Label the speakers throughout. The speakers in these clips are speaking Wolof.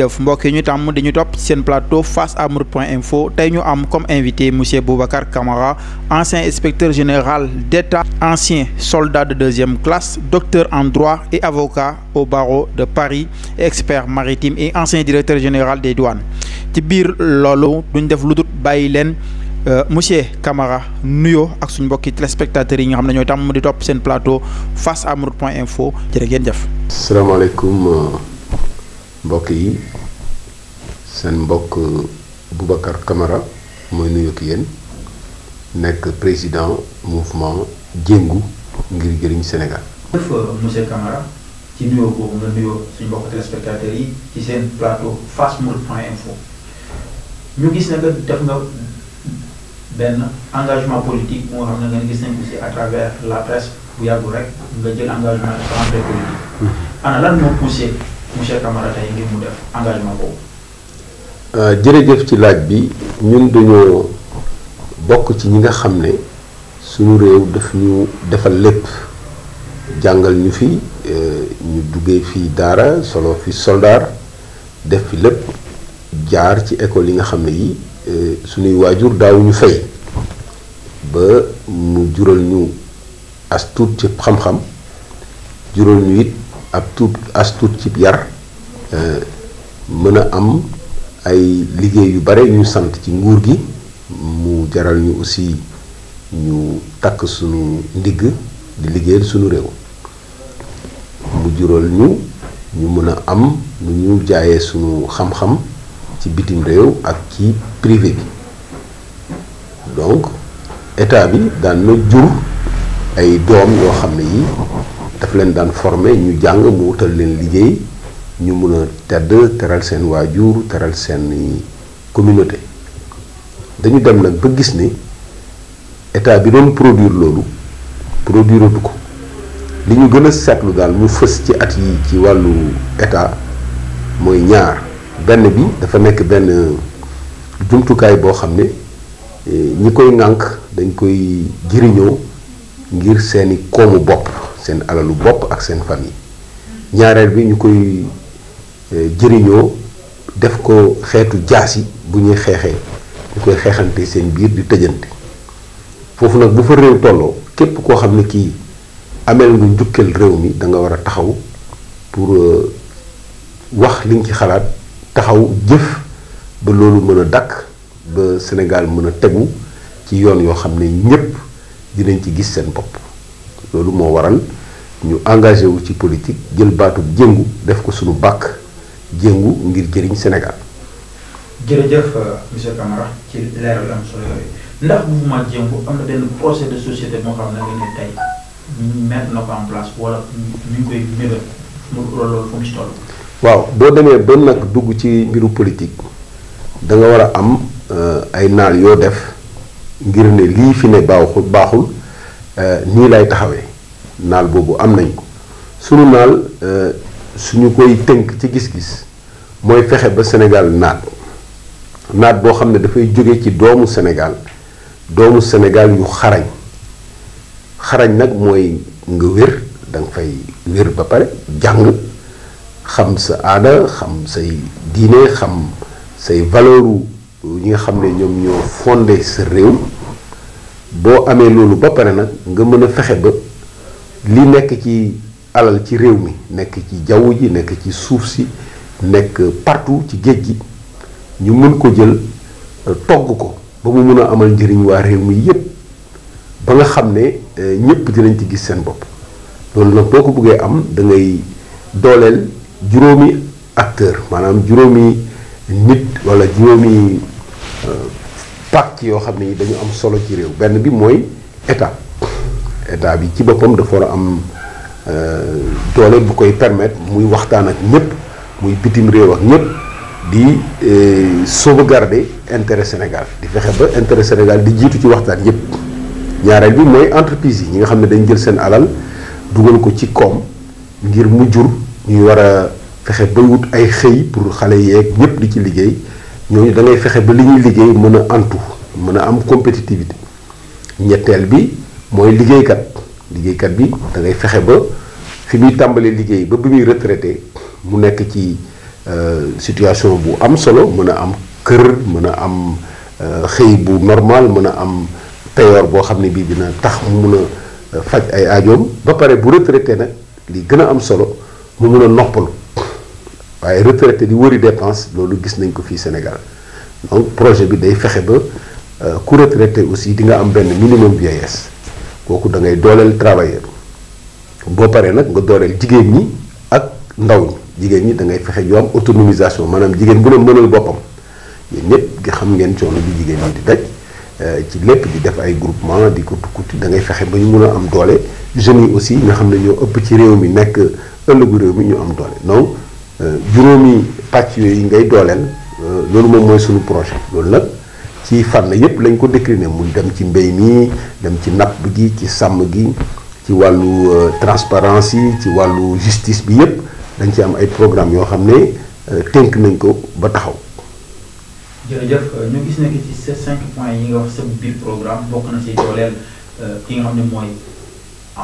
Speaker 1: jëf Mbok ñu tàmm di ñu top ci plateau face à mourides point ñu am comme invité monsieur Boubacar Camara ancien inspecteur général d'État ancien soldat de deuxième classe docteur en droit et avocat au barreau de Paris expert maritime et ancien directeur général des douanes ci bir lolu duñ def lu dul euh, monsieur Camara nuyo ak suñ mbokki téléspectateurs yi nga xam ne ñooy di top sen plateau face à mourides point info jërë
Speaker 2: mbokk yi seen mbokk Boubacar Camara mooy nuyu ak yéen nekk président mouvement jéngu ngir jëriñ Sénégal.
Speaker 1: jërëjëf monsieur Camara ci nuyoo boobu nga nuyoo suñu mbokk téléspectateurs yi ci seen plateau fastmourides.info ñu gis ne que def nga benn engagement politique moo xam ne nga gis nañ ko si à travers la presse bu yàggul rek nga jël engagement de politique. Mm-hmm. ana lan moo poussé. monsieur Camara
Speaker 2: euh, jërëjëf ci laaj bi ñun dañoo bokk ci ñi nga xam ne suñu réew daf ñu defal lépp jàngal ñu fi euh, ñu duggee fi daara solo fi soldaar def fi lépp jaar ci école yi nga xam ne yi euh, suñuy waajur daawuñu fay ba mu jural ñu as tuut ci xam-xam jural ñu it ab tuut as tuut cib yar euh, mën a am ay liggéey yu bare ñu sant ci nguur gi mu jaral ñu aussi ñu takk sunu ndigg di liggéeyal sunu réew mu jural ñu ñu mën a am nu ñu jaaye sunu xam-xam ci bitim réew ak ci privé bi donc état bi daan na jur ay doom yoo xam ne yi daf leen daan former ñu jàng mu wutal leen liggéey ñu mun a tedd teral seen waajur teral seen communauté dañu dem nag ba gis ni état bi doon produir loolu produire du ko li ñu gën a seetlu daal mu fës ci at yi ci wàllu état mooy ñaar benn bi dafa nekk benn jumtukaay boo xam ne eh, ñi koy nànk dañ koy jëriñoo ngir seeni koomu bopp seen alalu bopp ak seen famille ñaareel bi ñu koy euh, jëriñoo def ko xeetu jaas yi bu ñuy xeexee ñu koy xeexante seen biir di tëjante foofu nag bu fa réew tolloo képp koo xam ne kii ameel nga njukkeel réew mi danga war a taxaw pour euh, wax liñ ci xalaat taxaw jëf ba loolu mën a dakk ba Sénégal mën a tegu ci yoon yoo xam ne ñépp dinañ ci gis seen bopp loolu moo waral ñu engagé wu ci politique jël baatub jëngu def ko suñu bàkk jëngu ngir jëriñ Sénégal.
Speaker 1: jërëjëf euh, monsieur Camara ci leeral am solo yooyu ndax mouvement jëngu am na benn projet de société moo xam ne ne tey mettre na ko en place wala mu mu ci toll.
Speaker 2: waaw boo demee ba nag dugg ci mbiru politique da nga war a am euh, ay naal yoo def ngir ne lii fi ne baaxul baaxul euh, nii lay taxawee. naal boobu am nañ ko sunu naal euh, suñu koy tënk ci gis-gis mooy fexe ba senegal naat naat boo xam ne dafay jóge ci doomu senegal doomu Sénégal yu xarañ xarañ nag mooy nga wér da fay wér ba pare jàng xam sa aada xam say diine xam say valeuru ñi nga xam ne ñoom ñoo fonde sa réew boo amee loolu ba pare nag nga mën a fexe ba li nekk ci alal ci réew mi nekk ci jaww ji nekk ci suuf si nekk partout ci géej gi ñu mën ko jël euh, togg ko ba mu mën a amal njëriñ waa réew mi yépp ba nga xam ne euh, ñépp dinañ ci gis seen bopp loolu nag boo ko bëggee am dangay dooleel juróomi acteur maanaam juróomi nit walla juróomi euh, pàcc yoo xam ne dañu am solo ci réew benn bi mooy état état bi ci boppam dafa war a am euh, doole bu koy permettre muy waxtaan ak ñëpp muy bitim réew ak ñëpp di euh, sauvegarder intérêt Sénégal di fexe ba intérêt Sénégal di jiitu ci waxtaan yëpp ñaareel bi mooy entreprise yi ñi nga xam ne dañ jël seen alal dugal ko ci koom ngir mu jur ñuy war a fexe ba wut ay xëy pour xale yeeg ñëpp di ci liggéey ñooñu da ngay fexe ba li ñuy liggéey mën a antu mën a am compétitivité ñetteel bi. mooy liggéeykat liggéeykat bi dangay fexe ba fi muy tàmbalee liggéey ba bi muy retraité mu nekk ci euh, situation bu am solo mën a am kër mën a am euh, xëy bu normal mën a am payoor boo xam ne bii dina tax mu mun a euh, faj ay aajoom ba pare bu retraité nag li gën a am solo mu mun a noppalu waaye retraité di wëri dépense loolu gis nañ ko fii Sénégal donc projet bi day fexe ba ku retraité aussi di nga am benn minimum vieillesse kooku da ngay dooleel travailleur boo paree nag nga dooleel jigéen ñi ak ndaw ñi jigéen ñi da ngay fexe ñu am autonomisation maanaam jigéen bu ne mënal boppam yéen ñëpp xam ngeen coono bi jigéen ñi eh, ci lépp di def ay groupement di ko da ngay fexe ba ñu mun a am doole jeunes yi aussi nga xam ne ñoo ëpp ci réew mi nekk ëllëgu réew mi ñu am doole donc eh, juróomi pàcc yooyu ngay dooleel eh, loolu moom mooy suñu projet loolu nag. ci fànn yëpp lañ ko décliné muy dem ci mbéy mi dem ci napp gi ci sàmm gi ci wàllu euh, transparence yi ci wàllu justice bi yëpp dañ ci am ay programme yoo xam ne euh, tenk nañ ko ba taxaw.
Speaker 1: jërëjëf euh, gis ne ci ces cinq points yi nga wax sa biir programme bokk na ci dooleel ki nga xam ne mooy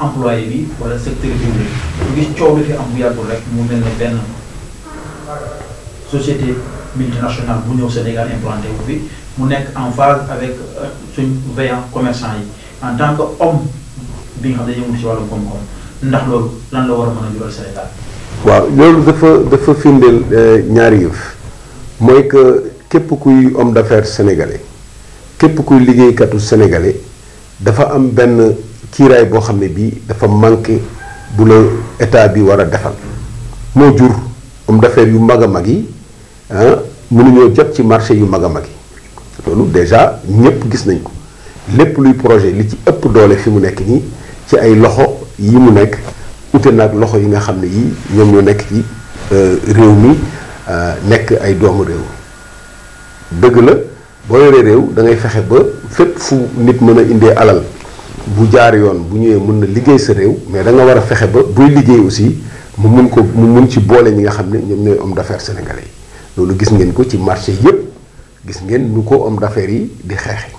Speaker 1: employé bi wala secteur public ñu gis coow bi fi am bu yàggul rek mu mel ne benn société. multinational bu ñëw Sénégal implanté wu fi mu nekk en phase avec euh, suñ veillant commerçant yi en tant que homme bi nga xam ne dañoo ci wàllum koom-koom ndax loolu lan la war a mën a jural Sénégal.
Speaker 2: waaw loolu dafa dafa firndeel euh, ñaari yëf mooy que képp kuy homme d'affaires sénégalais képp kuy liggéeykatu sénégalais dafa am benn kiiraay boo xam ne bii dafa manqué bu la état bi war a defal moo jur homme d'affaires yu mag a mag yi. Ah, mënuñoo jot ci marché yu mag a mag yi loolu déjà ñëpp gis nañ ko lépp luy projet li ci ëpp doole fi mu nekk nii ci ay loxo yi mu nekk ute naag loxo yi nga xam ne yi ñoom ñoo nekk ci euh, réew mi euh, nekk ay doomu réew dëgg la boo yoree réew da ngay fexe ba fépp fu nit mën a indee alal bu jaar yoon bu ñëwee mën na liggéey sa réew mais da nga fexe ba buy liggéey aussi mu mun ko mu ci boole ñi nga xam ne ñoom ñooy am d'affaires sénégalais yi loolu gis ngeen ko ci marché yépp gis ngeen nu ko am d'affaires yi di xeexe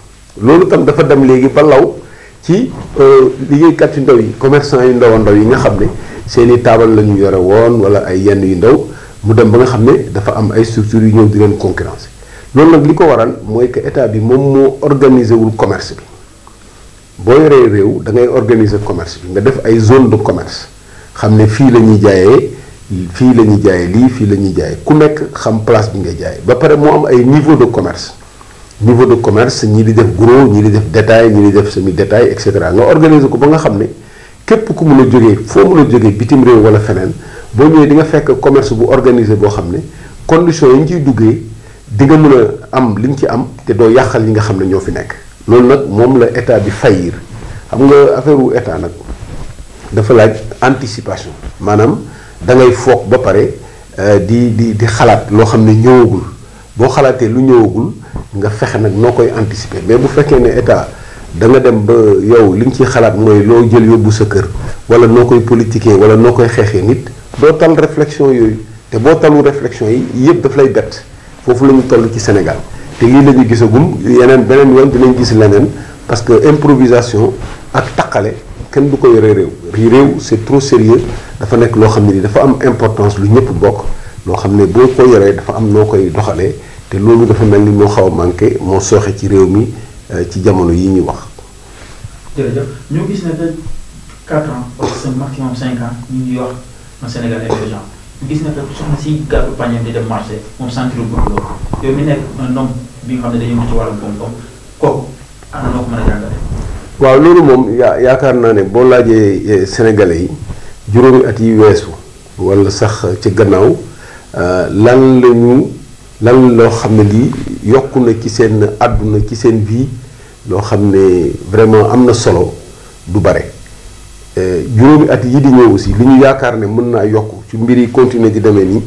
Speaker 2: loolu tam dafa dem léegi ba law ci euh, liggéeykat yu ndaw yi commerçant yu ndaw ndaw yi nga xam ne seen i taabal la yore woon wala ay yenn yu ndaw mu dem ba nga xam ne dafa am ay structures yu ñëw di leen concurrence loolu nag li ko waral mooy que état bi moom moo organiser wul commerce bi boo yoree réew da ngay organiser commerce bi nga def ay zone de commerce xam ne fii la ñuy jaayee fii la ñuy jaay lii fii la ñuy jaay ku nekk xam place bi nga jaay ba pare moo am ay niveau de commerce niveau de commerce ñii di def gros ñii di def détail ñii di def semi détail et cetera nga organiser ko ba nga xam ne képp ku mun a jógee foo mun a jógee bitim réew wala feneen boo ñëwee di nga fekk commerce bu organisé boo xam ne conditions yi ñu ciy duggee di nga mën a am li ñu ci am te doo yàqal yi nga xam ne ñoo fi nekk loolu nag moom la état bi fayir xam nga affaire wu état nag dafa laaj anticipation maanaam da ngay foog ba pare euh, di di di xalaat loo xam ne ñëwagul boo xalaatee lu ñëwagul nga fexe nag noo koy anticiper mais bu fekkee ne état da dem ba yow li nga ciy xalaat mooy loo jël yóbbu sa kër wala noo koy politiquer wala noo koy xeexee nit doo tal réflexion yooyu te boo talu réflexion yi yëpp daf lay bett foofu la ñu toll ci Sénégal te lii la ñu gisagum yeneen beneen yoon dinañ gis leneen parce que improvisation ak taqale ken du ko yore réew réew c'est trop sérieux dafa nek lo xam dafa am importance lu ñepp bok lo xamné ne ko yoree dafa am noo doxalé té lolu dafa melni mo xaw manké mo soxé ci réew mi euh, ci jamono yi ñi wax.
Speaker 1: jërëjëf ñu gis né que 4 ans c'est maximum 5 ans ñu ngi wax un Sénégal émergent gis na que soxna si gàddu pañeem di dem marché moom sentir bu loolu yow mi nek un homme bi nga xamné dañu mën ci wàllum koom-koom ko ana na noo ko
Speaker 2: waaw loolu moom yaa yaakaar naa ne boo laajee eh, sénégalais yi juróomi at yi weesu wala sax ci gannaaw euh, lan la lan loo xam ne lii yokku na ci seen àdduna ci seen vie loo xam ne vraiment am na solo du bare euh, juróomi at yi di ñëw aussi li ñu yaakaar ne mën naa yokk ci mbir yi continuer di demee nii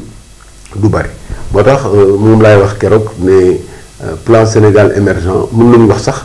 Speaker 2: du bare moo tax euh, moom laay wax keroog ne plan Sénégal émergent mën nañu wax sax.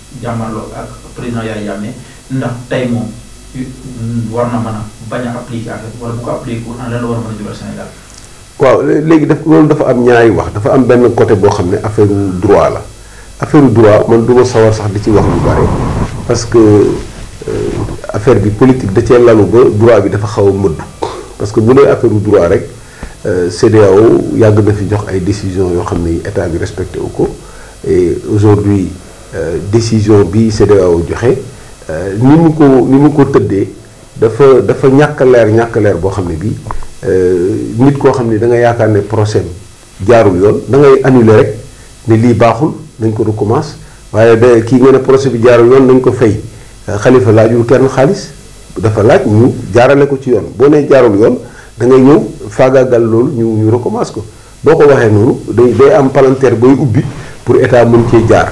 Speaker 1: jàmmarloo ak président Yaya Jammeh ndax tey moom war na mën a bañ a appliqué affaire wala bu ko appliqué woon lan la a mën
Speaker 2: waaw léegi daf loolu dafa am ñaari wax dafa am benn côté boo xam ne affaire droit la affaire droit man du ma sawar sax di ci wax lu bare parce que euh, affaire bi politique da cee lalu ba droit bi dafa xaw a mëdd parce que bu dee affaire droit rek euh, CEDEAO yàgg na fi jox ay décisions yoo xam ne état bi respecté wu ko aujourd'hui Euh, décision bi c'est joxe euh, ni mu ko ni mu ko tëddee dafa dafa ñàkk lèr ñàkk lèr bo xamné bi euh nit ko xamné da nga yaakaar ne procès jaarul yoon da ngay annuler rek né li baxul dañ ko recommence waaye da kii procès bi jaarul yoon dañ ko fay khalifa euh, laajul kenn khalis dafa laaj ñu jaarale ko ci yoon bo né jaarul yoon da ngay faga gal lool ñu ñu recommence ko boko ko waxee day day am palantère boy ubbi pour état mën ci jaar.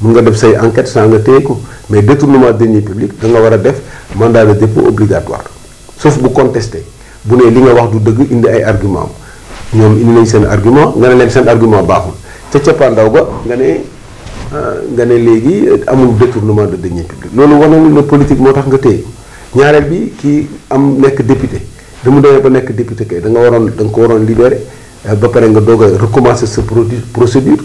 Speaker 2: mun nga def say enquête sans nga téye ko mais détournement de deniers publics danga war a def mandat de dépôt obligatoire sauf bu contesté bu ne li nga wax du dëgg indi ay argument ñoom indi nañ seen argument nga ne leen seen argument baaxul ca cappaandaw ga nga ne ah, nga ne léegi amul détournement de deniers publics loolu wanewul ne politique moo tax nga téye ñaareel bi kii am nekk député da mu demee ba nekk député kay da nga waroon da nga ko waroon libéré ba pare nga doog a recommencer sa produit procédure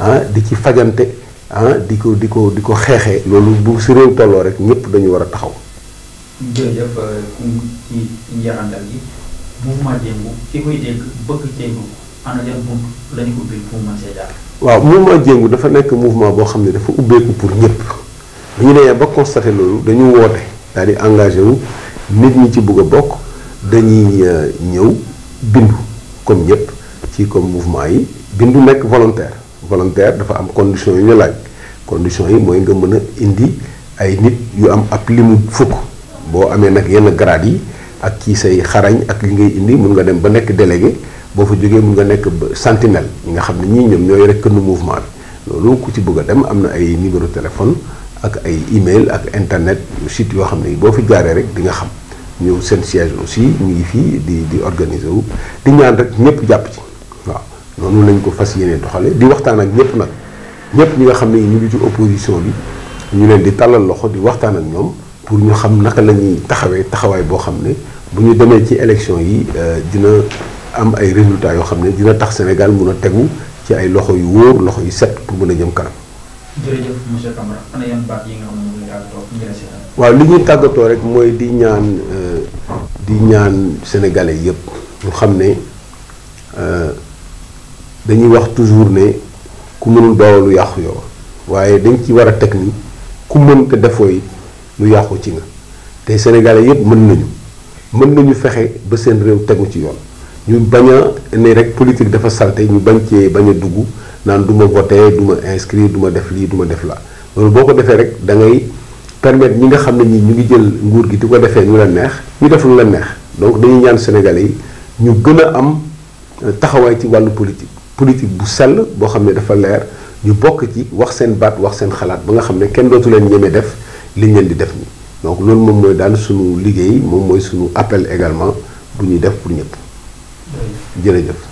Speaker 2: ah di ci fajante ah di ko di ko di ko xeexee loolu bu si réew tolloo rek ñépp dañu war a taxaw euh,
Speaker 1: mouvement Jéngu ki koy dégg bëgg Jéngu ana yan bunt lañu ko ubbil pour mën see jaar
Speaker 2: waaw mouvement Jéngu dafa nekk mouvement boo xam ne dafa ubbeeku pour ñëpp bu ñu nee ba constaté loolu dañu woote daal di engagé wu nit ñi ci bëgg a bokk dañuy euh, ñëw bindu comme ñëpp ci comme mouvement yi bindu nekk volontaire volontaire dafa am condition yu ñu laaj condition yi mooy nga mën a indi ay nit yu am ab limu fukk boo amee nag yenn grade yi ak ci say xarañ ak li ngay indi mun nga dem ba nekk délégué boo fa jógee mun nga nekk sentinelle ñi nga xam ne ñii ñoom ñooy rek kënnu mouvement bi loolu ku ci bëgg a dem am na ay numéro téléphone ak ay email ak internet site yoo xam ne boo fi jaaree rek di nga xam ñëw seen siège aussi ñu ngi fii di di organiser wu di ñaan rek jàpp ci. noonu lañ ko fas yéene doxale di waxtaan ak ñëpp nag ñëpp ñi nga xam ne ñu ngi ci opposition bi ñu leen di tàllal loxo di waxtaan ak ñoom pour ñu xam naka la ñuy taxawee taxawaay boo xam ne bu ñu ci élection yi euh, dina am ay résultats yoo xam ne dina tax Sénégal mun a tegu ci ay loxo yu wóor loxo yu set pour mën a jëm kanam.
Speaker 1: jërëjëf
Speaker 2: tàggatoo rek mooy di ñaan euh, di ñaan sénégalais yëpp ñu xam ne. Euh, dañuy wax toujours ne ku mënul doo lu yàqu yow waaye dañ ci war a teg nii ku mën te defooy yi lu yàqu ci nga te sénégalais yëpp mën nañu mën nañu fexe ba seen réew tegu ci yoon ñu bañ a ne rek politique dafa salte ñu bañ cee bañ a dugg naan du ma voté du ma inscrit du ma def lii du ma def la loolu boo ko defee rek da ngay permettre ñi nga xam ne ñi ñu ngi jël nguur gi di ko defee ñu la neex ñu def lu la neex donc dañuy ñaan sénégalais yi ñu gën a am euh, taxawaay ci wàllu politique politique bu sell boo xam dafa lèr ñu bokk ci wax seen baat wax seen xalaat ba nga xamné kenn dootu leen ñeme def li leen di def ni donc loolu moom mooy daal suñu liggéey moom mooy suñu appel également bu ñuy def pour ñëpp jërëjëf